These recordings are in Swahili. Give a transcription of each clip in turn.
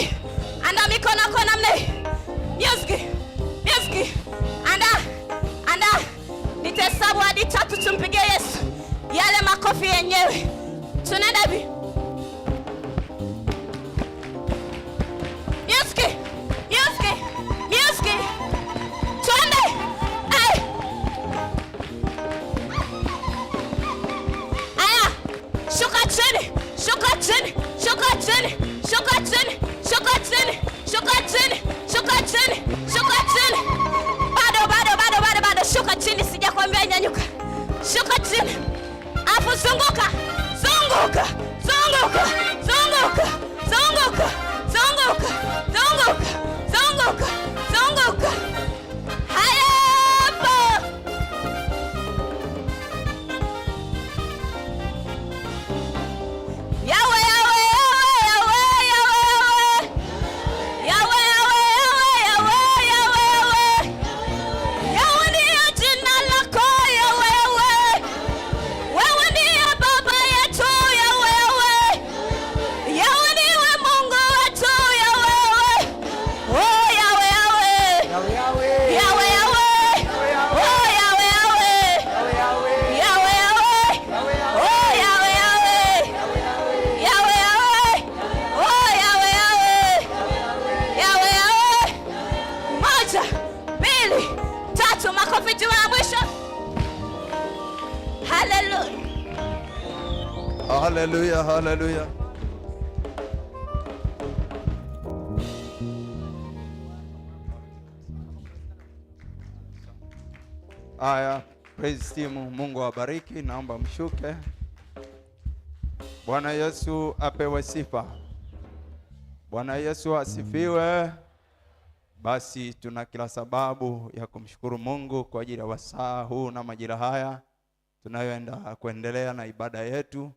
hii, anda mikono yako namna hii. Music, music, anda, anda. Nitahesabu hadi tatu tumpigie Yesu yale makofi yenyewe. Tunaenda hivi. alafu zunguka zunguka zunguka zunguka zunguka zunguka zunguka zunguka Alléluia, Alléluia. Haya, praise team, Mungu awabariki. Naomba mshuke. Bwana Yesu apewe sifa. Bwana Yesu asifiwe. Basi tuna kila sababu ya kumshukuru Mungu kwa ajili ya wasaa huu na majira haya tunayoenda kuendelea na ibada yetu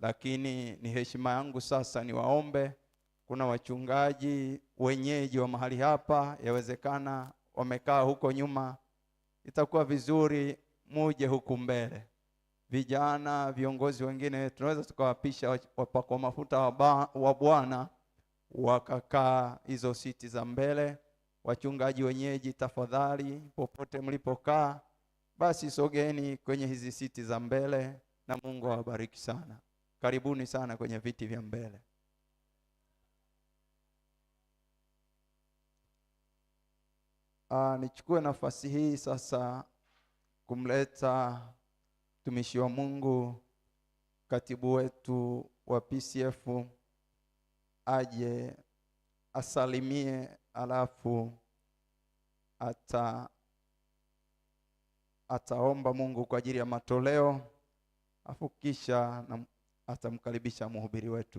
lakini ni heshima yangu sasa niwaombe. Kuna wachungaji wenyeji wa mahali hapa, yawezekana wamekaa huko nyuma, itakuwa vizuri muje huku mbele. Vijana, viongozi wengine, tunaweza tukawapisha wapakwa mafuta wa Bwana wakakaa hizo siti za mbele. Wachungaji wenyeji, tafadhali, popote mlipokaa, basi sogeni kwenye hizi siti za mbele, na Mungu awabariki sana. Karibuni sana kwenye viti vya mbele. Aa, ah, nichukue nafasi hii sasa kumleta mtumishi wa Mungu katibu wetu wa PCF aje asalimie, alafu ata ataomba Mungu kwa ajili ya matoleo afu kisha na atamkaribisha mhubiri wetu.